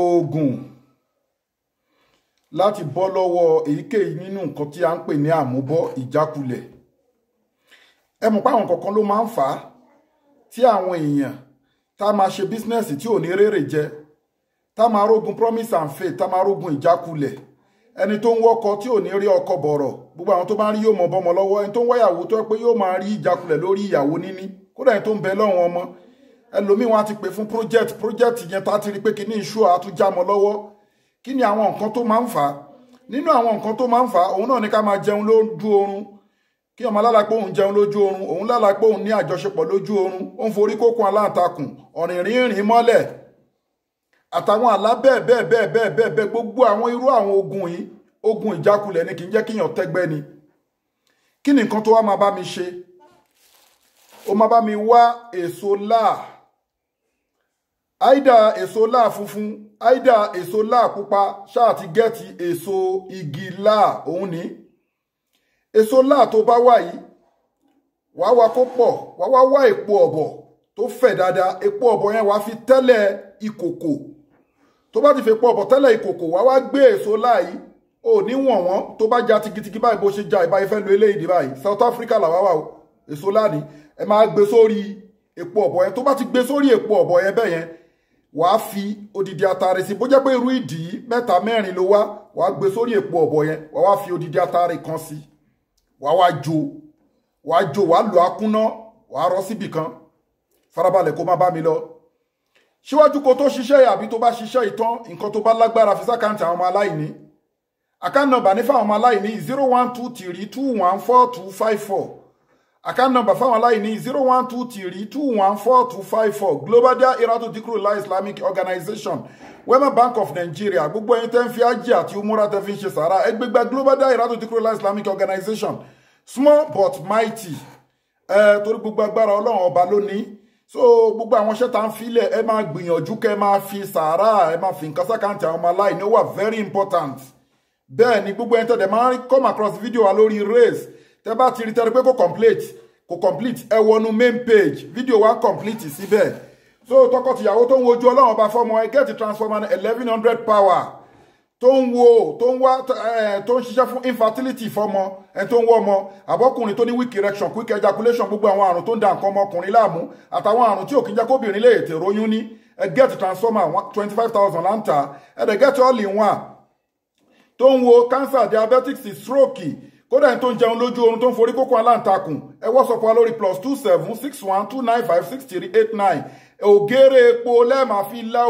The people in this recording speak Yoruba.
oògùn láti bọ́ lọ́wọ́ èyíkéyìí nínú nǹkan tí a ń pè ní àmúbọ́ ìjákulẹ̀ ẹ mọ̀ pé àwọn kọ̀ọ̀kan ló máa ń fà á tí àwọn èèyàn tá a máa ṣe bísínẹ́sì tí ò ní rèrè jẹ tá a máa rógun promise and faith tá a máa rógun ìjákulẹ̀ ẹni tó ń wọ́kọ tí ò ní rí ọkọ bọ̀rọ̀ gbogbo àwọn tó bá ń rí yóò mọ bọ́mọ lọ́wọ́ ẹni tó ń wáyàwó tó yẹ pé yóò máa rí ìjákulẹ̀ lórí ìyàwó níní kódà ẹni tó ń bẹ lọ́rùn ọmọ ẹlòmíì wọn á ti pè fún project project yẹn tá a ti rí pé kí ní iṣu àtúnjámọ lọ́wọ́ kí ni àwọn nǹkan tó máa ń fà á nínú àwọn nǹkan tó máa ń fà á òun náà ni ká máa jẹun lójú oorun kí ọmọ alálàpọ̀ òun jẹun lójú oorun òun lálàpọ̀ òun ní àjọṣepọ̀ lójú oorun ó ń forí kókun aláǹtakùn ọ̀rìn rínrìn mọ́lẹ̀ àtàwọn àlá bẹ́ẹ̀ bẹ́ẹ̀ bẹ́ẹ̀ bẹ́ẹ̀ bẹ́ẹ̀ bẹ́ẹ̀ gbogbo àwọn irú àwọn ogun yìí ogun ìjákulẹ̀ ni kì í jẹ́ kíyàn tẹ́gbẹ́ ni kí ni nǹkan tó wá máa bá mi ṣe ó máa bá mi wá èso láà Aida èso láà funfun àìdá èso láà pupa ṣáà ti gẹ́ẹ̀tì èso igi láà òun ní èso láà tó bá wà yìí wàá wa kó pọ̀ wàá wá wá èpo ọ̀bọ̀ tó fẹ̀ dáadáa epo ọ̀bọ̀ yẹn wàá fi tẹ́lẹ̀ ìkòkò tó bá ti fi epo ọ̀bọ̀ tẹ́lẹ̀ ìkòkò wàá wá gbé èso láàyè ò ní wọ̀n wọ́n tó bá ja tigitigi báyìí bó ṣe ja ìbáyìí fẹ́ lu eléyìí báyìí South Africa làwa wà o èso láàní ẹ máa gbé sórí epo ọ̀bọ̀ yẹn tó bá ti gbé sórí epo ọ̀bọ̀ yẹn bẹ́ẹ̀ yẹn wàá fi odidi atare sí bó jẹ́ pé irú ìdí mẹ́ta mẹ́rin ló wá wàá gbé sórí èpo ọ̀bọ yẹn wàá wá fi odidi atare kan sí wàá wá jo wàá jo wàá lò akúná wàá rọ síbì kan farabalẹ̀ kó má bá mi lọ síwájú kó tó ṣiṣẹ́ àbí tó bá ṣiṣẹ́ ìtàn nǹkan tó bá lágbára fi sákàǹtì àwọn ọmọ aláìní àkáǹtì nọ́mbà ní ọmọ aláìní zero one two three two one four two five four account number fáwọn aláìní zero one two three two one four two five four global dahiratu dhikrlahi islamic organization wema bank of nigeria gbogbo ẹyin tẹ́ ń fi ájì àti umura tẹ́ fi ń ṣe sàrà ẹgbẹgbẹ global dahiratu dhikrlahi islamic organization small but mighty ẹ torí gbogbo agbára ọlọ́run ọba lónìí so gbogbo àwọn iṣẹ́ tá à ń filẹ̀ ẹ máa gbìyànjú kẹ́ ẹ máa fi sàrà ẹ máa fi nǹkan sákàǹtì àwọn ọmọ aláìní ó wà very important bẹ́ẹ̀ ni gbogbo ẹyin tẹ́ dẹ̀ máa come across video wa lórí race tẹ́ bá ti rí tẹ́rí pé kò complete kò complete ẹ wọnú main page fídíò wa complete síbẹ̀ so tọkọtìyàwó tó ń wojú ọlọ́run ọba fọmọ ẹ get transformer eleven hundred power tó ń wo tó ń wá tó ń ṣiṣẹ́ fún infertility fọmọ ẹni tó ń wọ ọmọ àbọ́kùnrin tó ní weak erection quick ejaculation gbogbo àwọn àrùn tó ń da nǹkan ọmọkùnrin láàmú àtàwọn àrùn tí ò kí ń jẹ́ kóbìnrin lè tè róyún ní ẹ get transformer twenty five thousand láǹtà ẹ dẹ̀ get all in one tó ń wo cancer diabetes stroke kódà ẹni tó ń jẹun lójú oorun tó ń forí kókó aláǹtakùn ẹ wọ́sọ̀pọ̀ wa lórí plus two seven six one two nine five six three eight nine ògèrè epo lẹ́ẹ̀ma fi lá